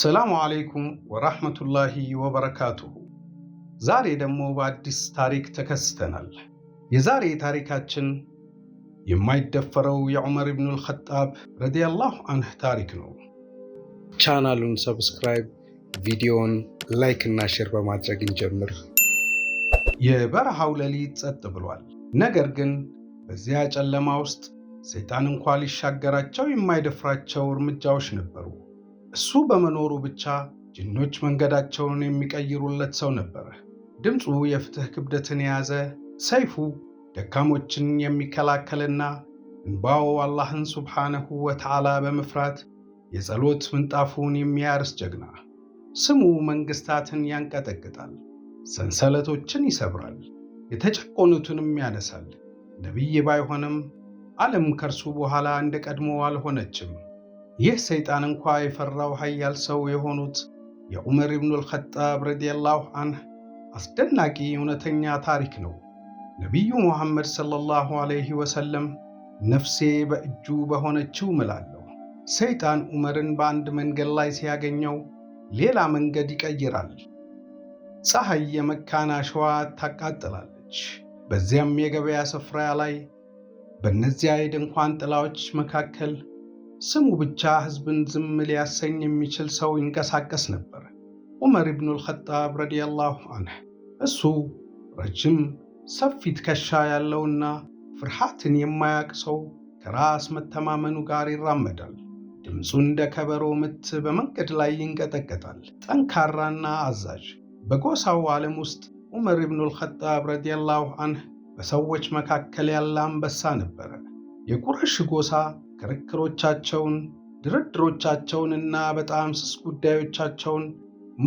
ሰላሙ አለይኩም ወራህመቱላሂ ወበረካቱሁ። ዛሬ ደግሞ በአዲስ ታሪክ ተከስተናል። የዛሬ ታሪካችን የማይደፈረው የዑመር ኢብኑል ኸጣብ ረዲየላሁ አንህ ታሪክ ነው። ቻናሉን ሰብስክራይብ፣ ቪዲዮውን ላይክ እና ሼር በማድረግ እንጀምር። የበረሃው ሌሊት ጸጥ ብሏል። ነገር ግን በዚያ ጨለማ ውስጥ ሰይጣን እንኳ ሊሻገራቸው የማይደፍራቸው እርምጃዎች ነበሩ። እሱ በመኖሩ ብቻ ጅኖች መንገዳቸውን የሚቀይሩለት ሰው ነበረ። ድምፁ የፍትህ ክብደትን የያዘ ሰይፉ ደካሞችን የሚከላከልና እንባው አላህን ሱብሓነሁ ወተዓላ በመፍራት የጸሎት ምንጣፉን የሚያርስ ጀግና። ስሙ መንግሥታትን ያንቀጠቅጣል፣ ሰንሰለቶችን ይሰብራል፣ የተጨቆኑትንም ያነሳል። ነቢይ ባይሆንም ዓለም ከእርሱ በኋላ እንደ ቀድሞ አልሆነችም። ይህ ሰይጣን እንኳ የፈራው ኃያል ሰው የሆኑት የዑመር ኢብኑል ኸጣብ ረዲየላሁ አንህ አስደናቂ እውነተኛ ታሪክ ነው። ነቢዩ ሙሐመድ ሰለላሁ ዐለይሂ ወሰለም ነፍሴ በእጁ በሆነችው ምላለሁ። ሰይጣን ዑመርን በአንድ መንገድ ላይ ሲያገኘው ሌላ መንገድ ይቀይራል። ፀሐይ የመካን አሸዋ ታቃጥላለች። በዚያም የገበያ ስፍራ ላይ በእነዚያ የድንኳን ጥላዎች መካከል ስሙ ብቻ ህዝብን ዝም ሊያሰኝ የሚችል ሰው ይንቀሳቀስ ነበር። ዑመር ኢብኑል ኸጣብ ረዲየላሁ አንህ። እሱ ረጅም ሰፊ ትከሻ ያለውና ፍርሃትን የማያቅ ሰው ከራስ መተማመኑ ጋር ይራመዳል። ድምፁ እንደ ከበሮ ምት በመንገድ ላይ ይንቀጠቀጣል። ጠንካራና አዛዥ። በጎሳው ዓለም ውስጥ ዑመር ኢብኑል ኸጣብ ረዲየላሁ አንህ በሰዎች መካከል ያለ አንበሳ ነበረ። የቁረሽ ጎሳ ክርክሮቻቸውን፣ ድርድሮቻቸውንና በጣም ስስ ጉዳዮቻቸውን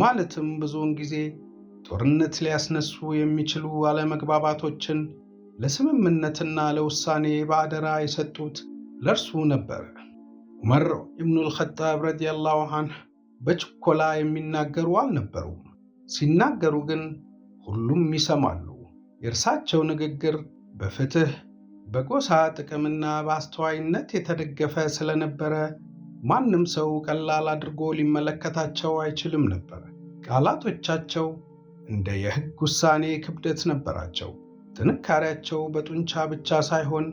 ማለትም ብዙውን ጊዜ ጦርነት ሊያስነሱ የሚችሉ አለመግባባቶችን ለስምምነትና ለውሳኔ በአደራ የሰጡት ለእርሱ ነበር። ዑመር ኢብኑል ኸጣብ ረዲያላሁ አንህ በችኮላ የሚናገሩ አልነበሩም። ሲናገሩ ግን ሁሉም ይሰማሉ። የእርሳቸው ንግግር በፍትሕ በጎሳ ጥቅምና በአስተዋይነት የተደገፈ ስለነበረ ማንም ሰው ቀላል አድርጎ ሊመለከታቸው አይችልም ነበር። ቃላቶቻቸው እንደ የሕግ ውሳኔ ክብደት ነበራቸው። ጥንካሬያቸው በጡንቻ ብቻ ሳይሆን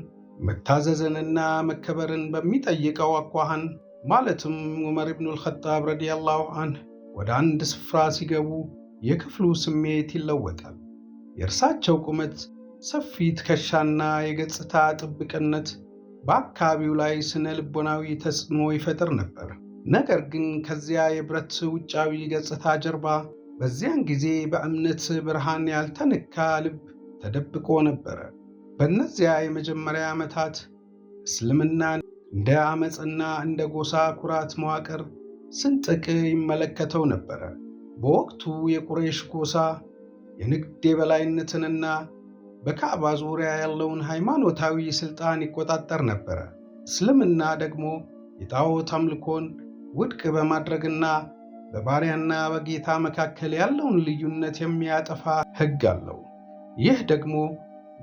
መታዘዝንና መከበርን በሚጠይቀው አኳኋን ማለትም ዑመር ኢብኑል ኸጣብ ረዲያላሁ አንህ ወደ አንድ ስፍራ ሲገቡ የክፍሉ ስሜት ይለወጣል። የእርሳቸው ቁመት ሰፊ ትከሻና የገጽታ ጥብቅነት በአካባቢው ላይ ስነ ልቦናዊ ተጽዕኖ ይፈጥር ነበር። ነገር ግን ከዚያ የብረት ውጫዊ ገጽታ ጀርባ በዚያን ጊዜ በእምነት ብርሃን ያልተነካ ልብ ተደብቆ ነበረ። በእነዚያ የመጀመሪያ ዓመታት እስልምናን እንደ ዓመፅና እንደ ጎሳ ኩራት መዋቅር ስንጥቅ ይመለከተው ነበረ። በወቅቱ የቁሬሽ ጎሳ የንግድ የበላይነትንና በካዕባ ዙሪያ ያለውን ሃይማኖታዊ ሥልጣን ይቆጣጠር ነበረ። እስልምና ደግሞ የጣዖት አምልኮን ውድቅ በማድረግና በባሪያና በጌታ መካከል ያለውን ልዩነት የሚያጠፋ ሕግ አለው። ይህ ደግሞ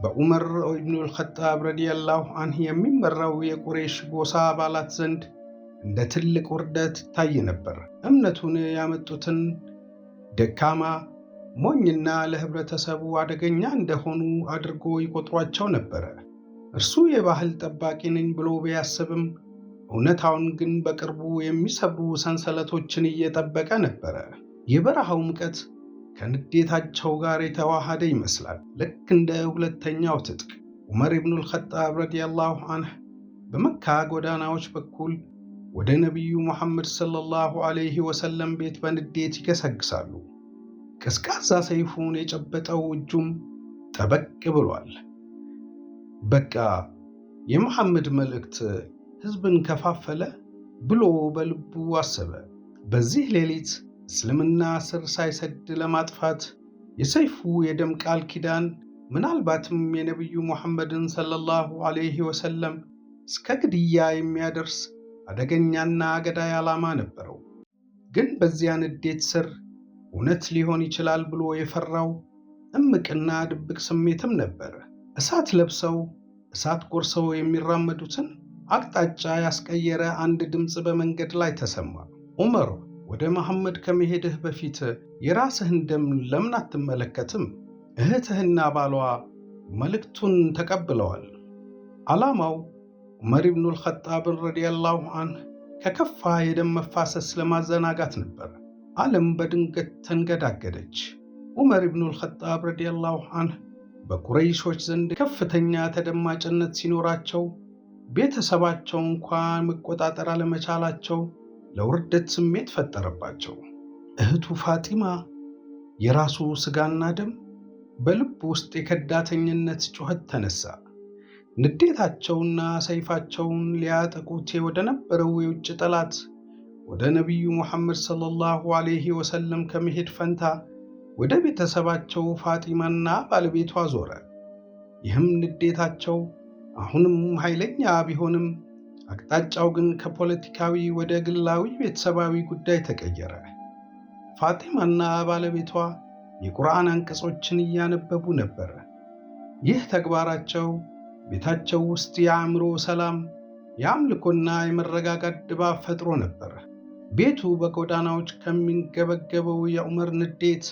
በዑመር ኢብኑል ኸጣብ ረዲየላሁ አንህ የሚመራው የቁሬሽ ጎሳ አባላት ዘንድ እንደ ትልቅ ውርደት ይታይ ነበር። እምነቱን ያመጡትን ደካማ ሞኝና ለህብረተሰቡ አደገኛ እንደሆኑ አድርጎ ይቆጥሯቸው ነበረ። እርሱ የባህል ጠባቂ ነኝ ብሎ ቢያስብም እውነታውን ግን በቅርቡ የሚሰብሩ ሰንሰለቶችን እየጠበቀ ነበረ። የበረሃው ሙቀት ከንዴታቸው ጋር የተዋሃደ ይመስላል። ልክ እንደ ሁለተኛው ትጥቅ ዑመር ኢብኑል ኸጣብ አንህ በመካ ጎዳናዎች በኩል ወደ ነቢዩ ሙሐመድ ሰለላሁ ዐለይሂ ወሰለም ቤት በንዴት ይገሰግሳሉ። ቀዝቃዛ ሰይፉን የጨበጠው እጁም ጠበቅ ብሏል። በቃ የመሐመድ መልእክት ህዝብን ከፋፈለ ብሎ በልቡ አሰበ። በዚህ ሌሊት እስልምና ስር ሳይሰድ ለማጥፋት የሰይፉ የደም ቃል ኪዳን ምናልባትም የነቢዩ ሙሐመድን ሰለላሁ ዐለይሂ ወሰለም እስከ ግድያ የሚያደርስ አደገኛና አገዳይ ዓላማ ነበረው። ግን በዚያ ንዴት ስር እውነት ሊሆን ይችላል ብሎ የፈራው እምቅና ድብቅ ስሜትም ነበር። እሳት ለብሰው እሳት ጎርሰው የሚራመዱትን አቅጣጫ ያስቀየረ አንድ ድምፅ በመንገድ ላይ ተሰማ። ዑመር ወደ መሐመድ ከመሄድህ በፊት የራስህን ደም ለምን አትመለከትም? እህትህና ባሏ መልእክቱን ተቀብለዋል። ዓላማው ዑመር ኢብኑል ኸጣብን አንህ ከከፋ የደም መፋሰስ ለማዘናጋት ነበር። ዓለም በድንገት ተንገዳገደች። ዑመር ኢብኑል ኸጣብ ረዲየላሁ ዐንህ በቁረይሾች ዘንድ ከፍተኛ ተደማጭነት ሲኖራቸው ቤተሰባቸው እንኳን መቆጣጠር አለመቻላቸው ለውርደት ስሜት ፈጠረባቸው። እህቱ ፋጢማ የራሱ ሥጋና ደም በልብ ውስጥ የከዳተኝነት ጩኸት ተነሳ። ንዴታቸውና ሰይፋቸውን ሊያጠቁት ወደ ነበረው የውጭ ጠላት ወደ ነቢዩ ሙሐመድ ሰለላሁ ዐለይሂ ወሰለም ከመሄድ ፈንታ ወደ ቤተሰባቸው ፋጢማና ባለቤቷ ዞረ። ይህም ንዴታቸው አሁንም ኃይለኛ ቢሆንም አቅጣጫው ግን ከፖለቲካዊ ወደ ግላዊ ቤተሰባዊ ጉዳይ ተቀየረ። ፋጢማና ባለቤቷ የቁርአን አንቀጾችን እያነበቡ ነበር። ይህ ተግባራቸው ቤታቸው ውስጥ የአእምሮ ሰላም፣ የአምልኮና የመረጋጋት ድባብ ፈጥሮ ነበር። ቤቱ በጎዳናዎች ከሚንገበገበው የዑመር ንዴት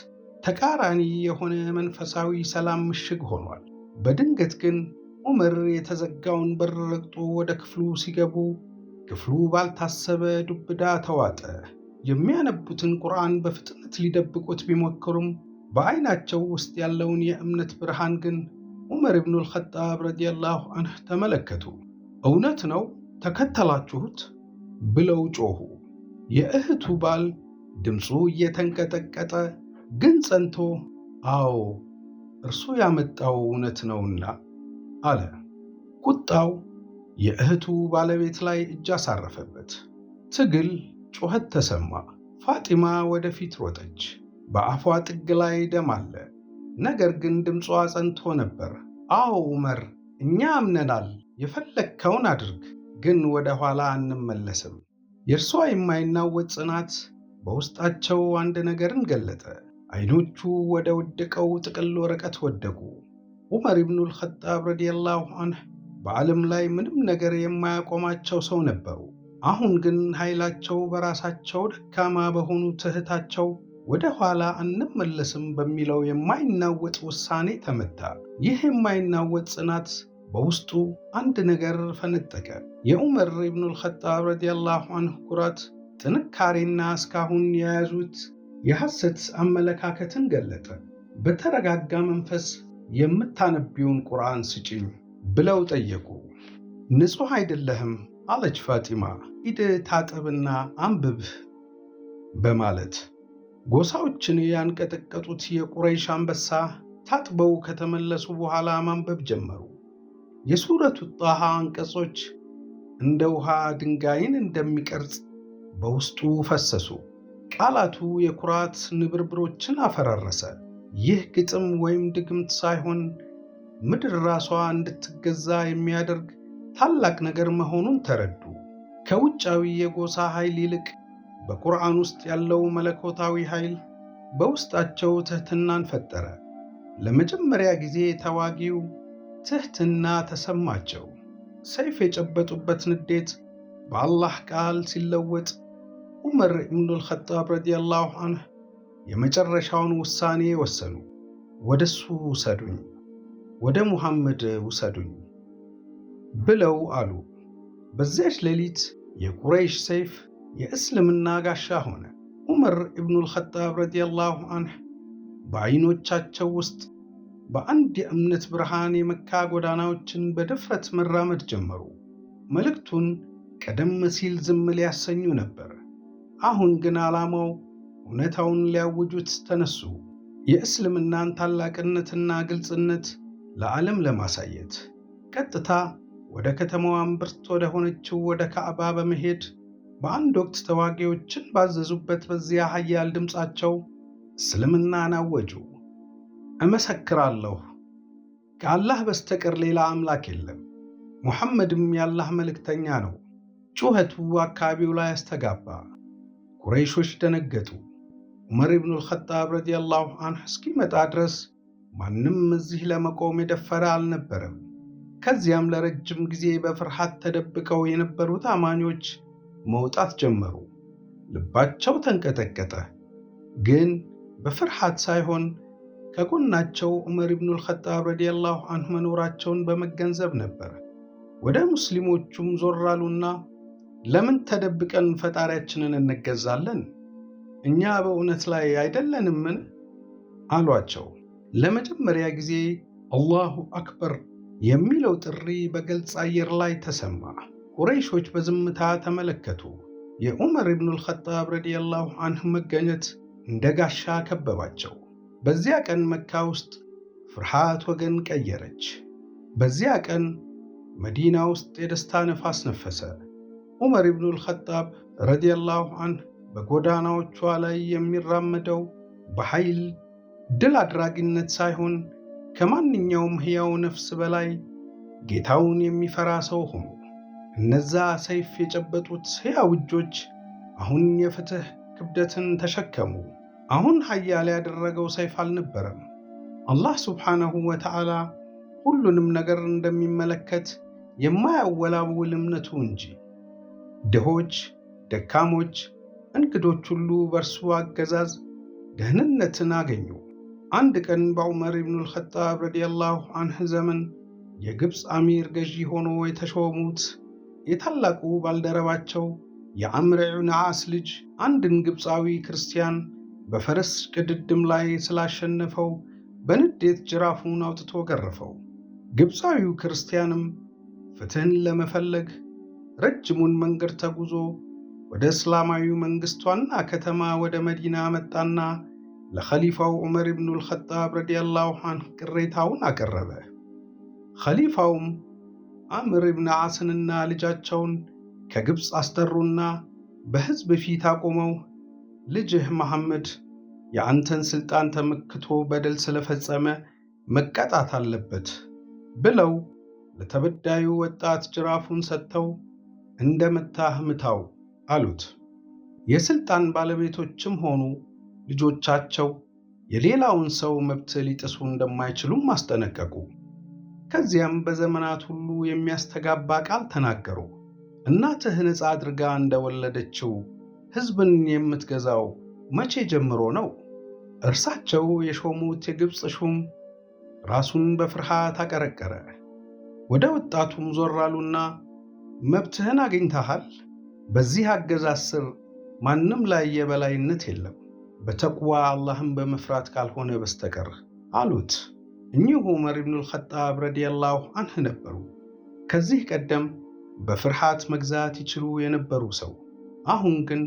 ተቃራኒ የሆነ መንፈሳዊ ሰላም ምሽግ ሆኗል። በድንገት ግን ዑመር የተዘጋውን በር ረግጦ ወደ ክፍሉ ሲገቡ ክፍሉ ባልታሰበ ዱብዳ ተዋጠ። የሚያነቡትን ቁርአን በፍጥነት ሊደብቁት ቢሞክሩም በዐይናቸው ውስጥ ያለውን የእምነት ብርሃን ግን ዑመር ኢብኑል ኸጣብ ረዲየላሁ አንህ ተመለከቱ። እውነት ነው ተከተላችሁት? ብለው ጮኹ። የእህቱ ባል ድምፁ እየተንቀጠቀጠ ግን ጸንቶ አዎ እርሱ ያመጣው እውነት ነውና አለ። ቁጣው የእህቱ ባለቤት ላይ እጅ አሳረፈበት። ትግል ጩኸት ተሰማ። ፋጢማ ወደፊት ሮጠች። በአፏ ጥግ ላይ ደም አለ። ነገር ግን ድምጿ ጸንቶ ነበር። አዎ ዑመር፣ እኛ አምነናል። የፈለግከውን አድርግ፣ ግን ወደ ኋላ አንመለስም። የእርሷ የማይናወጥ ጽናት በውስጣቸው አንድ ነገርን ገለጠ። አይኖቹ ወደ ወደቀው ጥቅል ወረቀት ወደቁ። ዑመር ኢብኑል ኸጣብ ረዲየላሁ አንህ በዓለም ላይ ምንም ነገር የማያቆማቸው ሰው ነበሩ። አሁን ግን ኃይላቸው በራሳቸው ደካማ በሆኑ እህታቸው ወደ ኋላ አንመለስም በሚለው የማይናወጥ ውሳኔ ተመታ። ይህ የማይናወጥ ጽናት በውስጡ አንድ ነገር ፈነጠቀ። የዑመር ኢብኑል ኸጣብ አንሁ ኩራት፣ ጥንካሬና እስካሁን የያዙት የሐሰት አመለካከትን ገለጠ። በተረጋጋ መንፈስ የምታነቢውን ቁርአን ስጪኝ ብለው ጠየቁ። ንጹሕ አይደለህም አለች ፋጢማ፣ ሂድ ታጠብና አንብብ በማለት ጎሳዎችን ያንቀጠቀጡት የቁረይሽ አንበሳ ታጥበው ከተመለሱ በኋላ ማንበብ ጀመሩ። የሱረቱ ጣሃ አንቀጾች እንደ ውሃ ድንጋይን እንደሚቀርጽ በውስጡ ፈሰሱ። ቃላቱ የኩራት ንብርብሮችን አፈራረሰ። ይህ ግጥም ወይም ድግምት ሳይሆን ምድር ራሷ እንድትገዛ የሚያደርግ ታላቅ ነገር መሆኑን ተረዱ። ከውጫዊ የጎሳ ኃይል ይልቅ በቁርአን ውስጥ ያለው መለኮታዊ ኃይል በውስጣቸው ትህትናን ፈጠረ። ለመጀመሪያ ጊዜ ተዋጊው ትህትና ተሰማቸው። ሰይፍ የጨበጡበት ንዴት በአላህ ቃል ሲለወጥ ዑመር ኢብኑል ኸጣብ ረዲየላሁ አንሁ የመጨረሻውን ውሳኔ ወሰኑ። ወደ እሱ ውሰዱኝ፣ ወደ ሙሐመድ ውሰዱኝ ብለው አሉ። በዚያች ሌሊት የቁረይሽ ሰይፍ የእስልምና ጋሻ ሆነ። ዑመር ኢብኑል ኸጣብ ረዲየላሁ አንሁ በዐይኖቻቸው ውስጥ በአንድ የእምነት ብርሃን የመካ ጎዳናዎችን በድፍረት መራመድ ጀመሩ። መልእክቱን ቀደም ሲል ዝም ሊያሰኙ ነበር። አሁን ግን ዓላማው እውነታውን ሊያውጁት ተነሱ። የእስልምናን ታላቅነትና ግልጽነት ለዓለም ለማሳየት ቀጥታ ወደ ከተማዋ አንብርት ወደ ሆነችው ወደ ካዕባ በመሄድ በአንድ ወቅት ተዋጊዎችን ባዘዙበት በዚያ ኃያል ድምፃቸው እስልምናን አወጁ። እመሰክራለሁ ከአላህ በስተቀር ሌላ አምላክ የለም፣ ሙሐመድም የአላህ መልእክተኛ ነው። ጩኸቱ አካባቢው ላይ አስተጋባ። ቁረይሾች ደነገጡ። ዑመር ኢብኑል ኸጣብ ረዲየላሁ አንሁ እስኪመጣ ድረስ ማንም እዚህ ለመቆም የደፈረ አልነበረም። ከዚያም ለረጅም ጊዜ በፍርሃት ተደብቀው የነበሩት አማኞች መውጣት ጀመሩ። ልባቸው ተንቀጠቀጠ፣ ግን በፍርሃት ሳይሆን ከጎናቸው ዑመር ኢብኑ አልኸጣብ ረዲየላሁ አንሁ መኖራቸውን በመገንዘብ ነበር። ወደ ሙስሊሞቹም ዞር አሉና ለምን ተደብቀን ፈጣሪያችንን እንገዛለን? እኛ በእውነት ላይ አይደለንምን? አሏቸው። ለመጀመሪያ ጊዜ አላሁ አክበር የሚለው ጥሪ በግልጽ አየር ላይ ተሰማ። ቁረይሾች በዝምታ ተመለከቱ። የዑመር ኢብኑ አልኸጣብ ረዲየላሁ አንሁ መገኘት እንደ ጋሻ ከበባቸው። በዚያ ቀን መካ ውስጥ ፍርሃት ወገን ቀየረች። በዚያ ቀን መዲና ውስጥ የደስታ ነፋስ ነፈሰ። ዑመር ኢብኑል ኸጣብ ረዲየላሁ አንህ በጎዳናዎቿ ላይ የሚራመደው በኃይል ድል አድራጊነት ሳይሆን ከማንኛውም ሕያው ነፍስ በላይ ጌታውን የሚፈራ ሰው ሆኑ። እነዛ ሰይፍ የጨበጡት ሕያው እጆች አሁን የፍትሕ ክብደትን ተሸከሙ። አሁን ሀያል ያደረገው ሰይፍ አልነበረም። አላህ ስብሓነሁ ወተዓላ ሁሉንም ነገር እንደሚመለከት የማያወላውል እምነቱ እንጂ። ድሆች፣ ደካሞች፣ እንግዶች ሁሉ በእርሱ አገዛዝ ደህንነትን አገኙ። አንድ ቀን በዑመር ኢብኑል ኸጣብ ረዲየላሁ አንህ ዘመን የግብፅ አሚር ገዢ ሆኖ የተሾሙት የታላቁ ባልደረባቸው የአምር ዑን ዓስ ልጅ አንድን ግብፃዊ ክርስቲያን በፈረስ ቅድድም ላይ ስላሸነፈው በንዴት ጅራፉን አውጥቶ ገረፈው። ግብፃዊው ክርስቲያንም ፍትህን ለመፈለግ ረጅሙን መንገድ ተጉዞ ወደ እስላማዊ መንግሥት ዋና ከተማ ወደ መዲና መጣና ለኸሊፋው ዑመር ኢብኑል ኸጣብ ረዲያላሁ ዐንሁ ቅሬታውን አቀረበ። ኸሊፋውም አምር ኢብን ዓስንና ልጃቸውን ከግብፅ አስጠሩና በሕዝብ ፊት አቆመው ልጅህ መሐመድ የአንተን ሥልጣን ተመክቶ በደል ስለፈጸመ መቀጣት አለበት ብለው ለተበዳዩ ወጣት ጅራፉን ሰጥተው እንደ መታህ ምታው አሉት። የሥልጣን ባለቤቶችም ሆኑ ልጆቻቸው የሌላውን ሰው መብት ሊጥሱ እንደማይችሉም አስጠነቀቁ። ከዚያም በዘመናት ሁሉ የሚያስተጋባ ቃል ተናገሩ። እናትህ ነፃ አድርጋ እንደወለደችው ሕዝብን የምትገዛው መቼ ጀምሮ ነው? እርሳቸው የሾሙት የግብፅ ሹም ራሱን በፍርሃት አቀረቀረ። ወደ ወጣቱም ዞር አሉና መብትህን አግኝተሃል። በዚህ አገዛዝ ስር ማንም ላይ የበላይነት የለም በተቅዋ አላህን በመፍራት ካልሆነ በስተቀር አሉት። እኚሁ ዑመር ኢብኑል ኸጣብ ረዲየላሁ አንህ ነበሩ። ከዚህ ቀደም በፍርሃት መግዛት ይችሉ የነበሩ ሰው አሁን ግን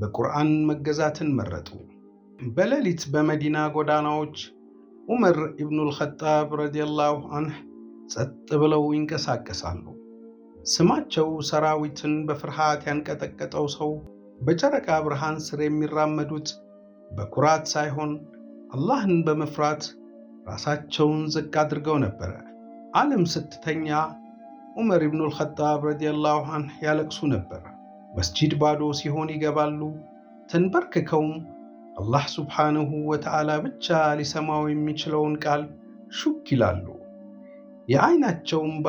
በቁርአን መገዛትን መረጡ። በሌሊት በመዲና ጎዳናዎች ዑመር ኢብኑል ኸጣብ ረዲየላሁ አንህ ጸጥ ብለው ይንቀሳቀሳሉ። ስማቸው ሰራዊትን በፍርሃት ያንቀጠቀጠው ሰው በጨረቃ ብርሃን ስር የሚራመዱት በኩራት ሳይሆን አላህን በመፍራት ራሳቸውን ዝቅ አድርገው ነበረ። ዓለም ስትተኛ ዑመር ኢብኑል ኸጣብ ረዲየላሁ አንህ ያለቅሱ ነበር። መስጂድ ባዶ ሲሆን ይገባሉ። ተንበርክከውም አላህ ሱብሓነሁ ወተዓላ ብቻ ሊሰማው የሚችለውን ቃል ሹክ ይላሉ። የዓይናቸው እምባ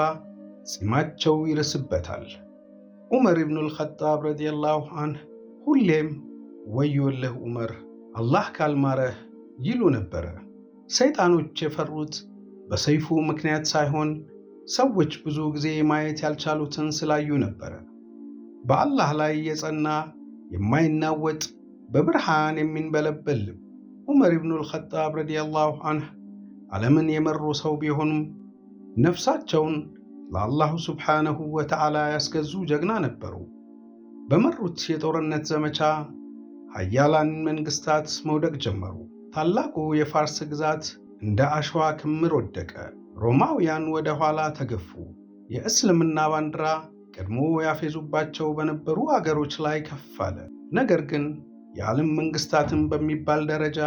ጺማቸው ይርስበታል። ዑመር ኢብኑል ኸጣብ ረዲየላሁ አንህ ሁሌም ወዮለህ ዑመር አላህ ካልማረህ ይሉ ነበረ። ሰይጣኖች የፈሩት በሰይፉ ምክንያት ሳይሆን ሰዎች ብዙ ጊዜ ማየት ያልቻሉትን ስላዩ ነበረ። በአላህ ላይ የጸና የማይናወጥ በብርሃን የሚንበለበል ዑመር ኢብኑል ኸጣብ ረዲየላሁ አንህ ዓለምን የመሩ ሰው ቢሆኑም ነፍሳቸውን ለአላሁ ስብሓነሁ ወተዓላ ያስገዙ ጀግና ነበሩ። በመሩት የጦርነት ዘመቻ ሀያላን መንግስታት መውደቅ ጀመሩ። ታላቁ የፋርስ ግዛት እንደ አሸዋ ክምር ወደቀ። ሮማውያን ወደ ኋላ ተገፉ። የእስልምና ባንዲራ ቀድሞ ያፌዙባቸው በነበሩ አገሮች ላይ ከፍ አለ። ነገር ግን የዓለም መንግስታትን በሚባል ደረጃ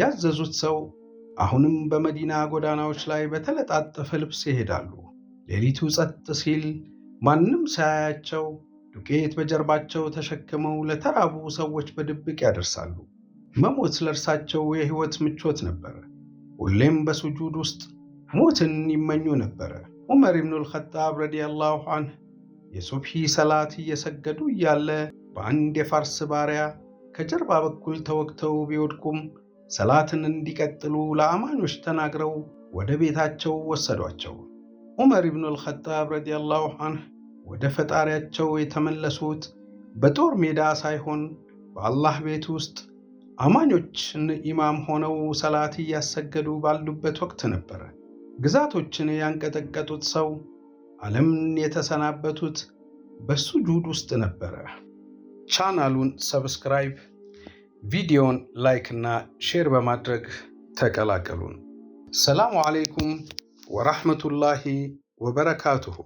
ያዘዙት ሰው አሁንም በመዲና ጎዳናዎች ላይ በተለጣጠፈ ልብስ ይሄዳሉ። ሌሊቱ ጸጥ ሲል ማንም ሳያያቸው ዱቄት በጀርባቸው ተሸክመው ለተራቡ ሰዎች በድብቅ ያደርሳሉ። መሞት ለእርሳቸው የሕይወት ምቾት ነበረ። ሁሌም በሱጁድ ውስጥ ሞትን ይመኙ ነበረ። ዑመር ኢብኑል ኸጣብ ረዲየላሁ አንህ የሱፊ ሰላት እየሰገዱ እያለ በአንድ የፋርስ ባሪያ ከጀርባ በኩል ተወግተው ቢወድቁም ሰላትን እንዲቀጥሉ ለአማኞች ተናግረው ወደ ቤታቸው ወሰዷቸው። ዑመር ኢብኑ አልኸጣብ ረዲያላሁ አንህ ወደ ፈጣሪያቸው የተመለሱት በጦር ሜዳ ሳይሆን በአላህ ቤት ውስጥ አማኞችን ኢማም ሆነው ሰላት እያሰገዱ ባሉበት ወቅት ነበር። ግዛቶችን ያንቀጠቀጡት ሰው ዓለምን የተሰናበቱት በሱ ጁድ ውስጥ ነበረ። ቻናሉን ሰብስክራይብ፣ ቪዲዮን ላይክ እና ሼር በማድረግ ተቀላቀሉን። ሰላሙ አሌይኩም ወራህመቱላሂ ወበረካቱሁ።